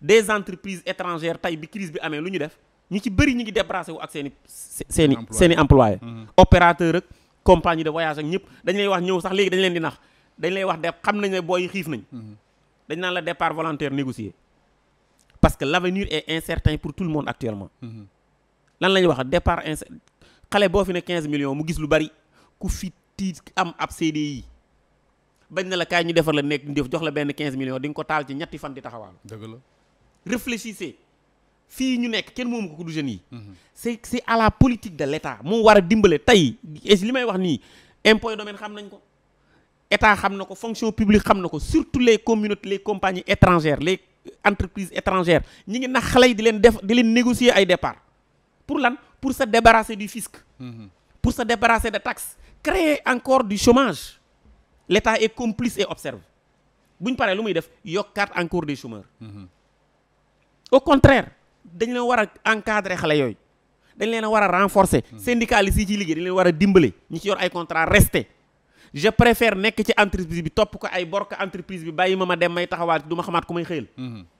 des entreprises étrangères tey bi crise bi amee lu ñu def ñu ci bëri ñu ngi débarrassé wu ak seen i seen i seen i employé mm-hmm. opérateur ak compagnie de voyage ak ñëpp dañ lay wax ñëw sax léegi dañ leen di nax dañ lay wax de xam nañ booy xiif nañ mm-hmm. dañ naan la départ volontaire négocié parce que l'avenir est pour tout le monde actuellement mm-hmm. lan la ñuy wax départ incer xale boo fi ne quinze millions mu gis lu bari ku fi tiit am ab CDI bañ na la kaay ñu defar la nekk def jox la benn quinze di nga ko taal ci ñetti fan di taxawaal dëgg la réfléchissez fii ñu nekk kenn moomu ko du jeunes yi. Mhm. c'est c'est à la politique de l'État moo war a dimbale tey li may wax nii de domaine xam nañ ko état xam na ko fonction publique xam na ko surtout les communautés les compagnies étrangères les entreprises étrangères ñi ngi nax xale yi di leen def di leen négocier ay départ pour lan pour se débarrasser du fisc. Mhm. pour se débarrasser de tax créer encore du chômage l'État est complice et observe bu ñu paree lu muy def yokkaat encore des chômeurs. Mhm. au contraire dañ leen war a encadrer xale yooyu dañ leen a war a renforcer hmm. syndicalistes yi ci liggéey dañ leen war a dimbale ñi ci yor ay contrat resté je préfère nekk ci entreprise bi topp ko ay bor ko entreprise bi bàyyi ma ma dem may taxawaat du ma xamaat ku may xëyal hmm.